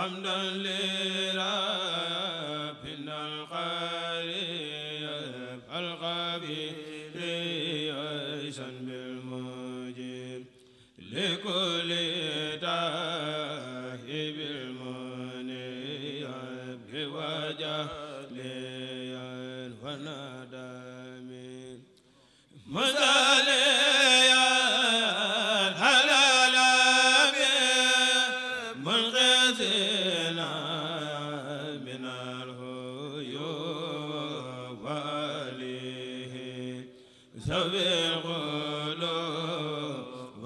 hamdan li rabbil alamin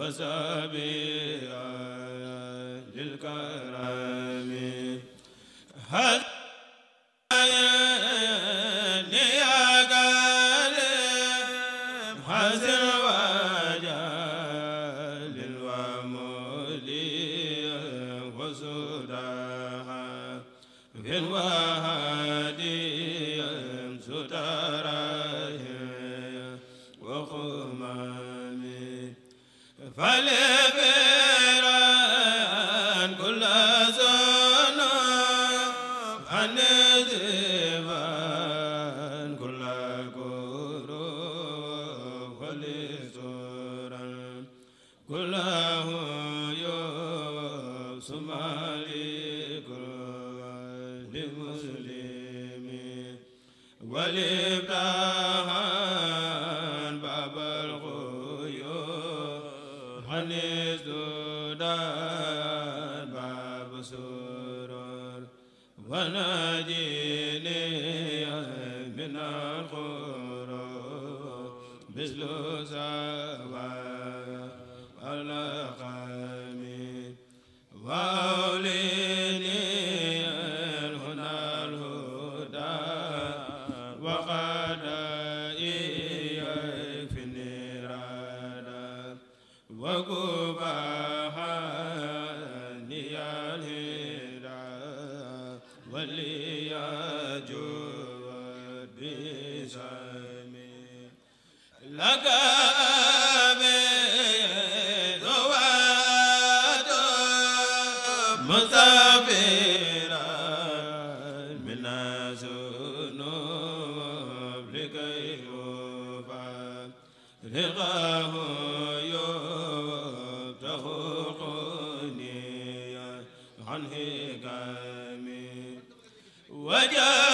wasabi lil karami عن هقامي وجاء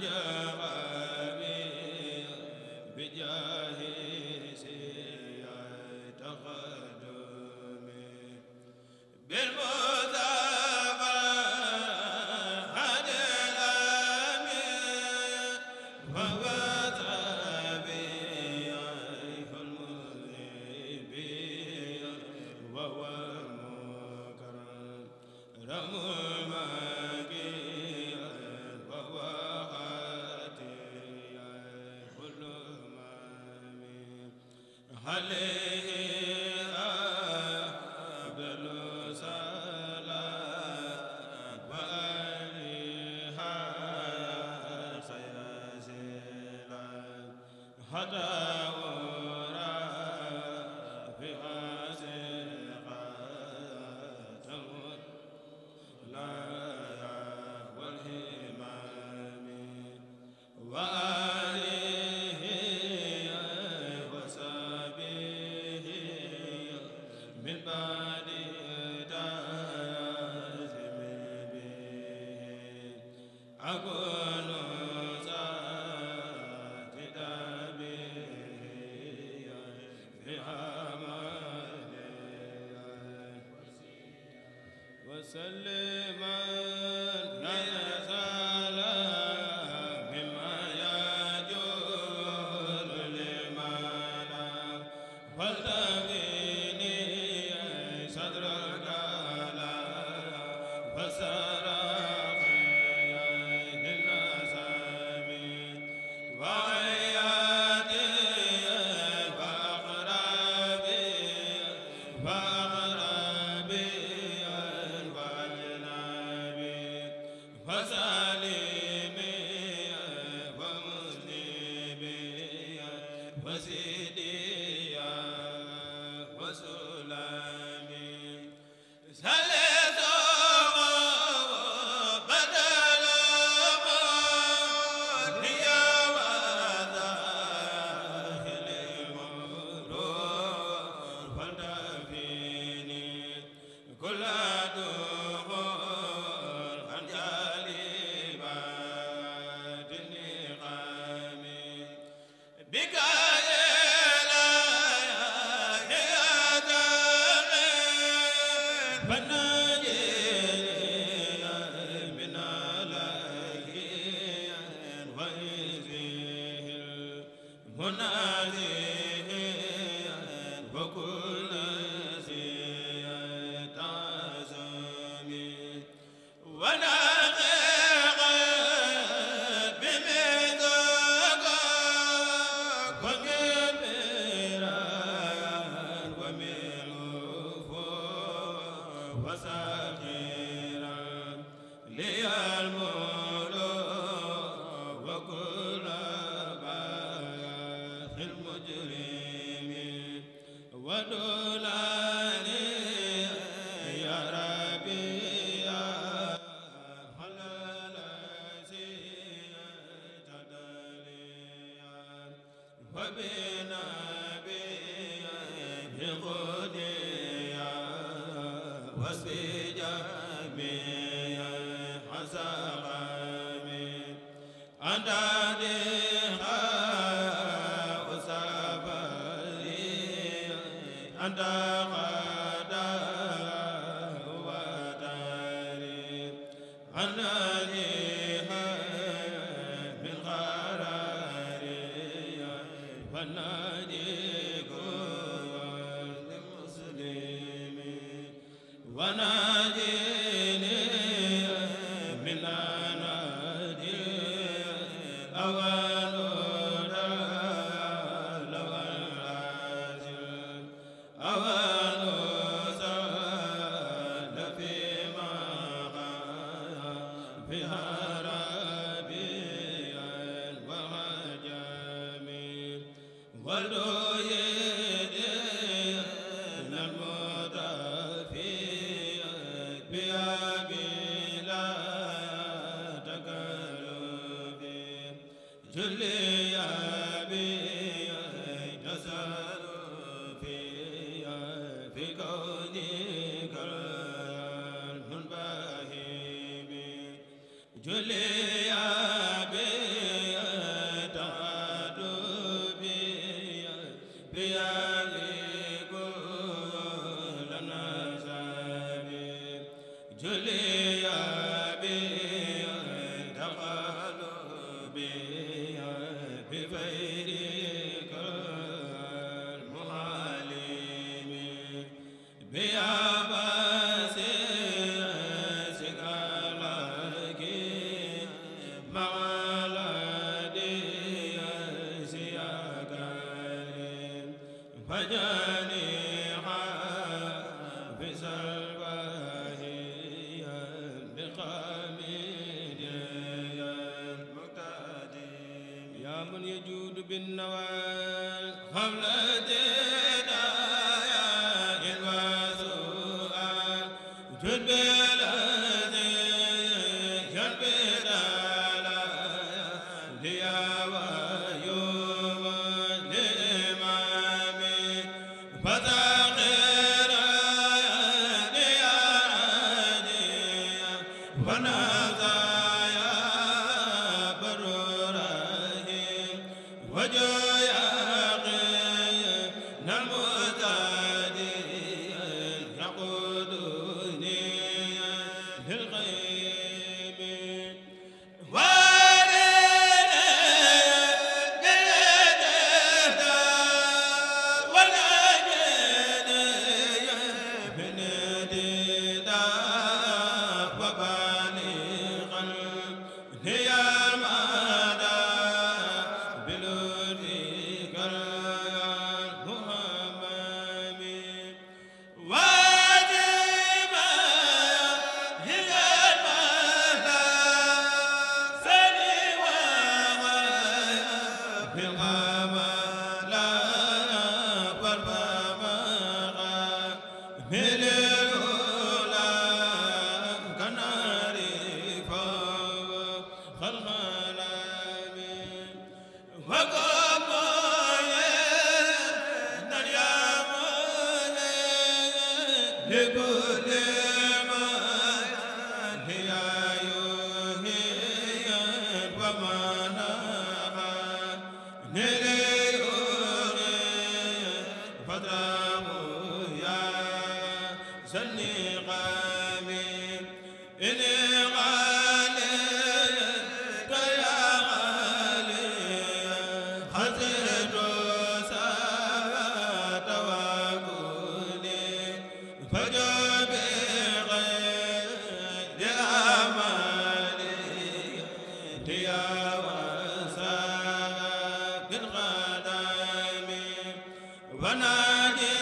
ja ale basa المجرمين ودولا yaa maa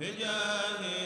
bijaahi